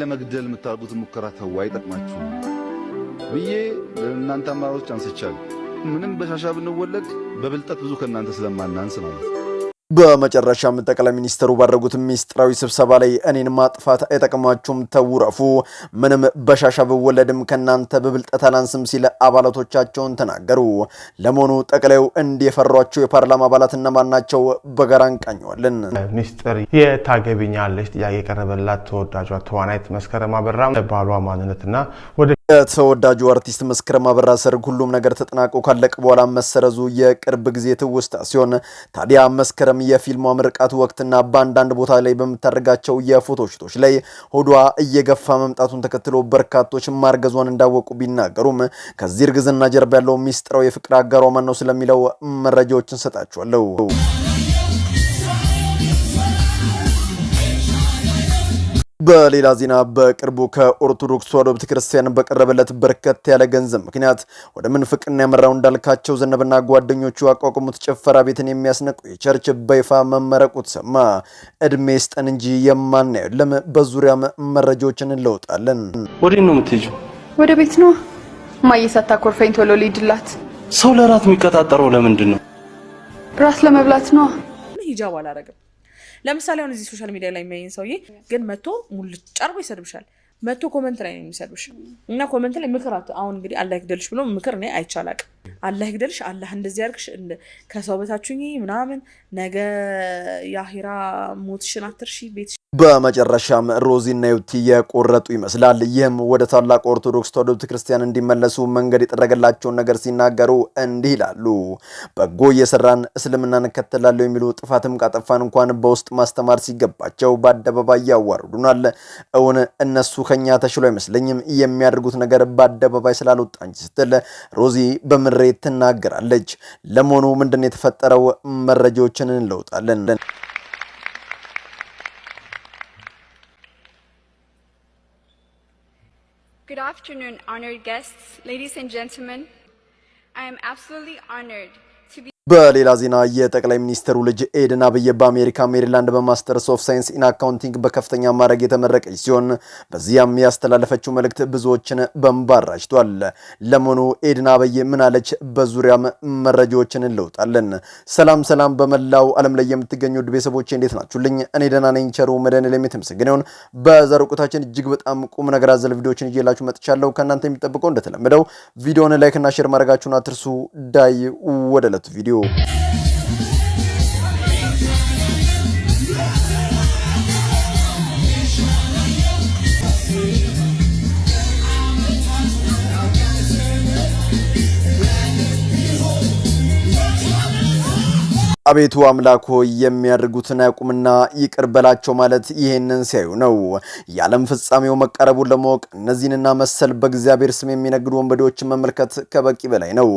ለመግደል የምታደርጉት ሙከራ ተው፣ አይጠቅማችሁ ብዬ ለእናንተ አማራጮች አንስቻለሁ። ምንም በሻሻ ብንወለድ በብልጠት ብዙ ከእናንተ ስለማናንስ ማለት ነው። በመጨረሻም ጠቅላይ ሚኒስትሩ ባደረጉት ሚስጥራዊ ስብሰባ ላይ እኔን ማጥፋት አይጠቅማችሁም፣ ተውረፉ፣ ምንም በሻሻ ብወለድም ከእናንተ በብልጠት አላንስም ሲል አባላቶቻቸውን ተናገሩ። ለመሆኑ ጠቅላዩ እንዲየፈሯቸው የፓርላማ አባላት እነማን ናቸው? በጋራ እንቃኘዋለን። ሚስጥር የታገቢኛለች ጥያቄ የቀረበላት ተወዳጇ ተዋናይት መስከረም በራ ባሏ ማንነትና ወደ የተወዳጁ አርቲስት መስከረም አበራ ሰርግ ሁሉም ነገር ተጠናቆ ካለቀ በኋላ መሰረዙ የቅርብ ጊዜ ትውስታ ሲሆን ታዲያ መስከረም የፊልሟ ምርቃት ወቅትና በአንዳንድ ቦታ ላይ በምታደርጋቸው የፎቶ ሽቶች ላይ ሆዷ እየገፋ መምጣቱን ተከትሎ በርካቶች ማርገዟን እንዳወቁ ቢናገሩም ከዚህ እርግዝና ጀርባ ያለው ሚስጥረው የፍቅር አጋሯ ማን ነው ስለሚለው መረጃዎችን ሰጣችኋለሁ። በሌላ ዜና በቅርቡ ከኦርቶዶክስ ተዋሕዶ ቤተክርስቲያን በቀረበለት በርከት ያለ ገንዘብ ምክንያት ወደ ምንፍቅና ያመራው እንዳልካቸው ዘነበና ጓደኞቹ አቋቁሙት ጭፈራ ቤትን የሚያስነቁ የቸርች በይፋ መመረቁ ተሰማ። እድሜ ስጠን እንጂ የማናየው የለም። በዙሪያም መረጃዎችን እንለውጣለን። ወዴት ነው የምትሄጂው? ወደ ቤት ነው። ማየሳታ ኮርፈኝ ቶሎ ልሂድላት። ሰው ለራት የሚቀጣጠረው ለምንድን ነው? ራት ለመብላት ነው። ሂጃብ አላረግም ለምሳሌ አሁን እዚህ ሶሻል ሚዲያ ላይ የሚያየን ሰውዬ ግን መቶ ሙልጭ ይሰድብሻል። መቶ ኮመንት ላይ ነው የሚሰድብሽ እና ኮመንት ላይ ምክር አሁን እንግዲህ ደልሽ ብሎ ምክር እኔ አይቻላቅም አላህ ይግደልሽ፣ አላህ እንደዚህ ያርግሽ፣ ከሰው በታችሁኝ ምናምን ነገ የአሂራ ሞትሽን አትርሺ ቤት በመጨረሻም ሮዚና ዩቲ የቆረጡ ይመስላል። ይህም ወደ ታላቅ ኦርቶዶክስ ተዋሕዶ ቤተክርስቲያን እንዲመለሱ መንገድ የጠረገላቸውን ነገር ሲናገሩ እንዲህ ይላሉ። በጎ እየሰራን እስልምና እንከተላለሁ የሚሉ ጥፋትም ቃጠፋን እንኳን በውስጥ ማስተማር ሲገባቸው በአደባባይ ያዋርዱናል። እውን እነሱ ከኛ ተሽሎ አይመስለኝም የሚያደርጉት ነገር በአደባባይ ስላልወጣ እንጂ ስትል ሮዚ በምድር ምሬት ትናገራለች። ለመሆኑ ምንድን ነው የተፈጠረው? መረጃዎችን እንለውጣለን። Good afternoon, honored guests, ladies and gentlemen. I am absolutely honored በሌላ ዜና የጠቅላይ ሚኒስትሩ ልጅ ኤድን አብይ በአሜሪካ ሜሪላንድ በማስተርስ ኦፍ ሳይንስ ኢን አካውንቲንግ በከፍተኛ ማዕረግ የተመረቀች ሲሆን በዚያም ያስተላለፈችው መልእክት ብዙዎችን በንባራጅቷል። ለመሆኑ ኤድን አብይ ምን አለች? በዙሪያም መረጃዎችን እንለውጣለን። ሰላም ሰላም፣ በመላው ዓለም ላይ የምትገኙ ውድ ቤተሰቦች እንዴት ናችሁልኝ? እኔ ደህና ነኝ። ቸሩ መድኃኔዓለም የተመሰገነ ይሁን። በዛሬው ቆይታችን እጅግ በጣም ቁም ነገር አዘል ቪዲዮዎችን ይዤላችሁ መጥቻለሁ። ከእናንተ የሚጠብቀው እንደተለመደው ቪዲዮን ላይክና ሼር ማድረጋችሁን አትርሱ። ዳይ ወደ ዕለቱ ቪዲዮ Brasil. አቤቱ አምላክ ሆይ የሚያደርጉትን ያቁምና ይቅር በላቸው ማለት ይሄንን ሲያዩ ነው። የዓለም ፍጻሜው መቃረቡን ለማወቅ እነዚህንና መሰል በእግዚአብሔር ስም የሚነግዱ ወንበዴዎችን መመልከት ከበቂ በላይ ነው።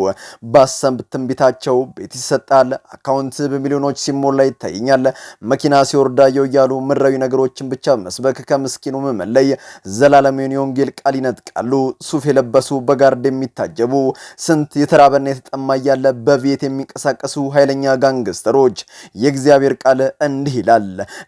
ባሰብ ትንቢታቸው ቤት ይሰጣል፣ አካውንት በሚሊዮኖች ሲሞላ ይታየኛል፣ መኪና ሲወርዳየው እያሉ ምድራዊ ነገሮችን ብቻ መስበክ ከምስኪኑ መመለይ ዘላለሜን የወንጌል ቃል ይነጥቃሉ። ሱፍ የለበሱ በጋርድ የሚታጀቡ ስንት የተራበና የተጠማ እያለ በቤት የሚንቀሳቀሱ ኃይለኛ ጋንግስ ሚኒስትሮች የእግዚአብሔር ቃል እንዲህ ይላል፣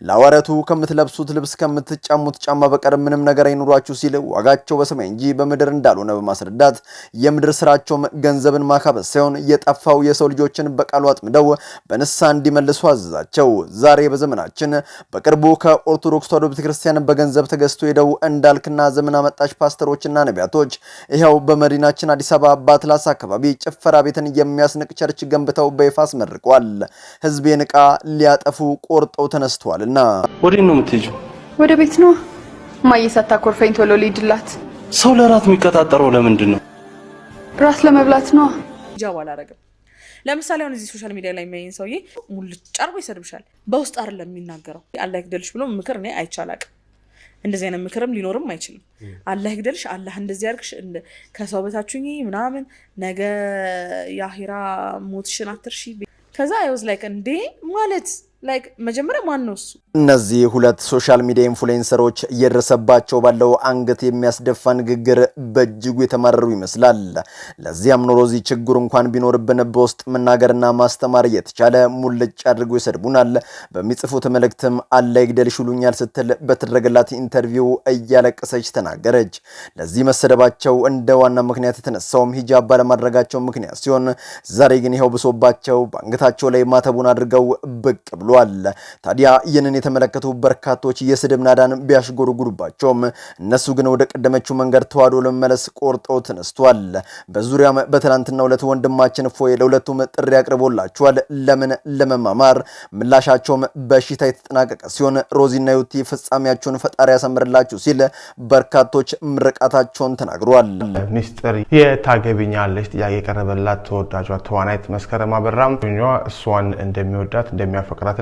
ለሐዋርያቱ ከምትለብሱት ልብስ ከምትጫሙት ጫማ በቀር ምንም ነገር አይኑሯችሁ ሲል ዋጋቸው በሰማይ እንጂ በምድር እንዳልሆነ በማስረዳት የምድር ስራቸውም ገንዘብን ማካበስ ሳይሆን የጠፋው የሰው ልጆችን በቃሉ አጥምደው በንሳ እንዲመልሱ አዘዛቸው። ዛሬ በዘመናችን በቅርቡ ከኦርቶዶክስ ተዋህዶ ቤተክርስቲያን በገንዘብ ተገዝቶ ሄደው እንዳልክና ዘመን አመጣሽ ፓስተሮችና ነቢያቶች ይኸው በመዲናችን አዲስ አበባ በአትላስ አካባቢ ጭፈራ ቤትን የሚያስንቅ ቸርች ገንብተው በይፋ አስመርቋል። ህዝቤን እቃ ሊያጠፉ ቆርጠው ተነስተዋልና። ወዴት ነው የምትሄጂው? ወደ ቤት ነው። እማዬ ሳታኮርፈኝ ቶሎ ልሂድላት። ሰው ለራት የሚቀጣጠረው ለምንድን ነው? ራት ለመብላት ነው። ጃብ አላረግም። ለምሳሌ አሁን እዚህ ሶሻል ሚዲያ ላይ የሚያይን ሰውዬ ሙልጭ አርጎ ይሰድብሻል። በውስጥ አር ለሚናገረው አላህ ይግደልሽ ብሎ ምክር እኔ አይቻላቅ እንደዚህ አይነት ምክርም ሊኖርም አይችልም። አላህ ይግደልሽ፣ አላህ እንደዚህ ያርግሽ፣ ከሰው በታችኝ ምናምን ነገ የአሄራ ሞትሽን አትርሺ ከዛ አይ ዋዝ ላይክ እንዴ ማለት ላይክ መጀመሪያ ማን ነው እሱ? እነዚህ ሁለት ሶሻል ሚዲያ ኢንፍሉዌንሰሮች እየደረሰባቸው ባለው አንገት የሚያስደፋ ንግግር በእጅጉ የተማረሩ ይመስላል። ለዚያም ኖሮ እዚህ ችግሩ እንኳን ቢኖርብን በውስጥ መናገርና ማስተማር እየተቻለ ሙልጭ አድርጎ ይሰድቡናል፣ በሚጽፉት መልእክትም አላ ግደልሽ ይሉኛል ስትል በተደረገላት ኢንተርቪው እያለቀሰች ተናገረች። ለዚህ መሰደባቸው እንደ ዋና ምክንያት የተነሳውም ሂጃብ ባለማድረጋቸው ምክንያት ሲሆን ዛሬ ግን ይኸው ብሶባቸው በአንገታቸው ላይ ማተቡን አድርገው ብቅ ብሎ ብሏል። ታዲያ ይህንን የተመለከቱ በርካቶች የስድብ ናዳን ቢያሽጎርጉርባቸውም እነሱ ግን ወደ ቀደመችው መንገድ ተዋህዶ ለመመለስ ቆርጠው ተነስቷል። በዙሪያም በትናንትና ሁለት ወንድማችን እፎይ ለሁለቱም ጥሪ አቅርቦላቸዋል። ለምን ለመማማር ምላሻቸውም በሽታ የተጠናቀቀ ሲሆን ሮዚና ዩቲ ፍጻሜያቸውን ፈጣሪ ያሳምርላችሁ ሲል በርካቶች ምርቃታቸውን ተናግሯል። ሚስጥር የታገቢኛለች ጥያቄ የቀረበላት ተወዳጇ ተዋናይት መስከረም አበራም እሷን እንደሚወዳት እንደሚያፈቅራት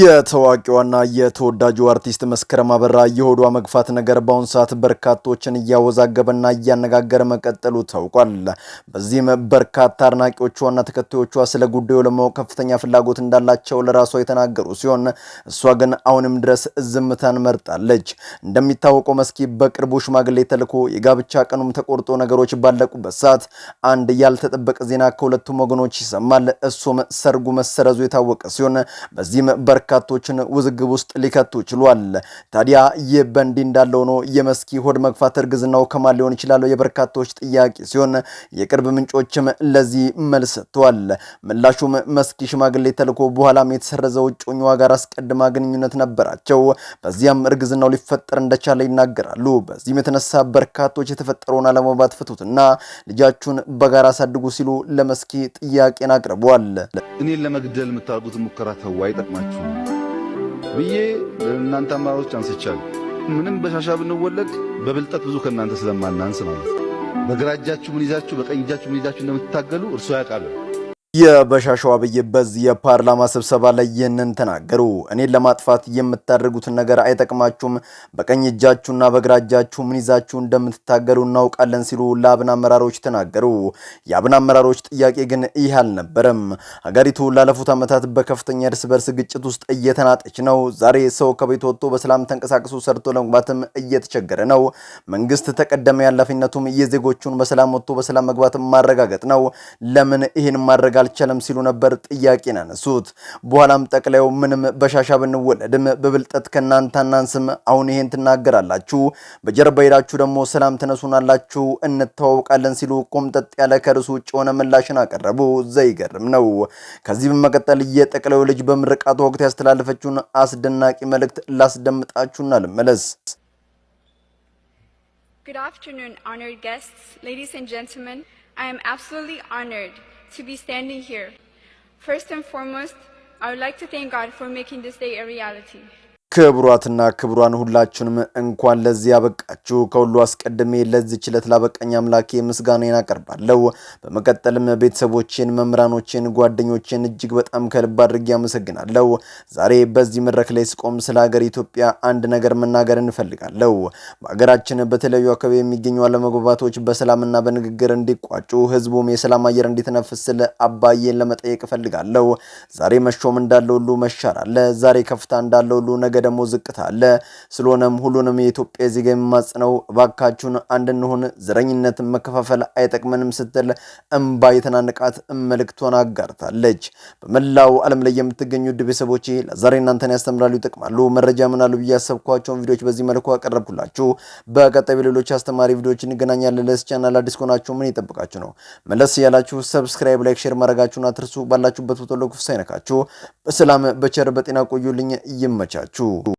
የተዋቂዋና የተወዳጁ አርቲስት መስከረም አበራ የሆዷ መግፋት ነገር በአሁኑ ሰዓት በርካቶችን እያወዛገበና እያነጋገረ መቀጠሉ ታውቋል። በዚህም በርካታ አድናቂዎቿና ተከታዮቿ ስለ ጉዳዩ ለማወቅ ከፍተኛ ፍላጎት እንዳላቸው ለራሷ የተናገሩ ሲሆን እሷ ግን አሁንም ድረስ ዝምታን መርጣለች። እንደሚታወቀው መስኪ በቅርቡ ሽማግሌ ተልኮ የጋብቻ ቀኑም ተቆርጦ ነገሮች ባለቁበት ሰዓት አንድ ያልተጠበቀ ዜና ከሁለቱም ወገኖች ይሰማል። እሱም ሰርጉ መሰረዙ የታወቀ ሲሆን በዚህም በርካቶችን ውዝግብ ውስጥ ሊከቱ ችሏል። ታዲያ ይህ በእንዲህ እንዳለ ሆኖ የመስኪ ሆድ መግፋት እርግዝናው ከማን ሊሆን ይችላል? የበርካቶች ጥያቄ ሲሆን የቅርብ ምንጮችም ለዚህ መልስ ሰጥተዋል። ምላሹም መስኪ ሽማግሌ ተልኮ በኋላም የተሰረዘው እጮኛዋ ጋር አስቀድማ ግንኙነት ነበራቸው፣ በዚያም እርግዝናው ሊፈጠር እንደቻለ ይናገራሉ። በዚህም የተነሳ በርካቶች የተፈጠረውን አለመግባባት ፍቱትና ልጃችሁን በጋራ አሳድጉ ሲሉ ለመስኪ ጥያቄን አቅርበዋል። እኔን ለመግደል የምታደርጉት ሙከራ ተው፣ አይጠቅማችሁም ብዬ ለእናንተ አመራሮች አንስቻለሁ። ምንም በሻሻ ብንወለድ በብልጠት ብዙ ከእናንተ ስለማናንስ ማለት ነው። በግራ እጃችሁ ምን ይዛችሁ፣ በቀኝ እጃችሁ ምን ይዛችሁ እንደምትታገሉ እርሱ ያውቃሉ። የበሻሻው አብይ በዚህ የፓርላማ ስብሰባ ላይ ይህንን ተናገሩ። እኔን ለማጥፋት የምታደርጉትን ነገር አይጠቅማችሁም፣ በቀኝ እጃችሁና በግራ እጃችሁ ምን ይዛችሁ እንደምትታገሉ እናውቃለን ሲሉ ለአብን አመራሮች ተናገሩ። የአብን አመራሮች ጥያቄ ግን ይህ አልነበረም። ሀገሪቱ ላለፉት ዓመታት በከፍተኛ እርስ በርስ ግጭት ውስጥ እየተናጠች ነው። ዛሬ ሰው ከቤት ወጥቶ በሰላም ተንቀሳቅሶ ሰርቶ ለመግባትም እየተቸገረ ነው። መንግስት ተቀደመ ያላፊነቱም የዜጎቹን በሰላም ወጥቶ በሰላም መግባት ማረጋገጥ ነው። ለምን ይህን ማረጋ አልቻለም ሲሉ ነበር ጥያቄን ያነሱት። በኋላም ጠቅላዩ ምንም በሻሻ ብንወለድም በብልጠት ከእናንተ አናንስም፣ አሁን ይሄን ትናገራላችሁ፣ በጀርባ ሄዳችሁ ደግሞ ሰላም ትነሱናላችሁ፣ እንተዋውቃለን ሲሉ ቆምጠጥ ያለ ከርሱ ውጭ የሆነ ምላሽን አቀረቡ። ዘይገርም ነው። ከዚህ በመቀጠል የጠቅላዩ ልጅ በምርቃቱ ወቅት ያስተላለፈችውን አስደናቂ መልእክት ላስደምጣችሁና ልመለስ። Good afternoon, honored guests, ladies and gentlemen. I am absolutely honored to be standing here. First and foremost, I would like to thank God for making this day a reality. ክቡራትና ክቡራን ሁላችሁንም እንኳን ለዚህ ያበቃችሁ። ከሁሉ አስቀድሜ ለዚህ ችለት ላበቃኝ አምላኬ ምስጋናዬን አቀርባለሁ። በመቀጠልም ቤተሰቦችን፣ መምህራኖችን፣ ጓደኞችን እጅግ በጣም ከልብ አድርጌ አመሰግናለሁ። ዛሬ በዚህ መድረክ ላይ ስቆም ስለ ሀገር ኢትዮጵያ አንድ ነገር መናገር እንፈልጋለሁ። በሀገራችን በተለያዩ አካባቢ የሚገኙ አለመግባባቶች በሰላምና በንግግር እንዲቋጩ ህዝቡም የሰላም አየር እንዲተነፍስ ስለ አባዬን ለመጠየቅ እፈልጋለሁ። ዛሬ መሾም እንዳለ ሁሉ መሻር አለ። ዛሬ ከፍታ እንዳለ ሁሉ ነገር ደግሞ ዝቅታ አለ። ስለሆነም ሁሉንም የኢትዮጵያ ዜጋ የሚማጽነው እባካችሁን አንድ እንሆን፣ ዘረኝነት መከፋፈል አይጠቅመንም ስትል እምባ የተናነቃት መልእክቷን አጋርታለች። በመላው ዓለም ላይ የምትገኙ ውድ ቤተሰቦቼ ለዛሬ እናንተን ያስተምራሉ፣ ይጠቅማሉ፣ መረጃ ምናሉ ብዬ ያሰብኳቸውን ቪዲዮዎች በዚህ መልኩ አቀረብኩላችሁ። በቀጣይ በሌሎች አስተማሪ ቪዲዮዎች እንገናኛለን። ለስ ቻናል አዲስ ከሆናችሁ ምን ይጠብቃችሁ ነው? መለስ እያላችሁ ሰብስክራይብ፣ ላይክ፣ ሼር ማድረጋችሁን አትርሱ። ባላችሁበት ቦታሎ ክፉ ሳይነካችሁ በሰላም በቸር በጤና ቆዩልኝ። ይመቻችሁ። хочу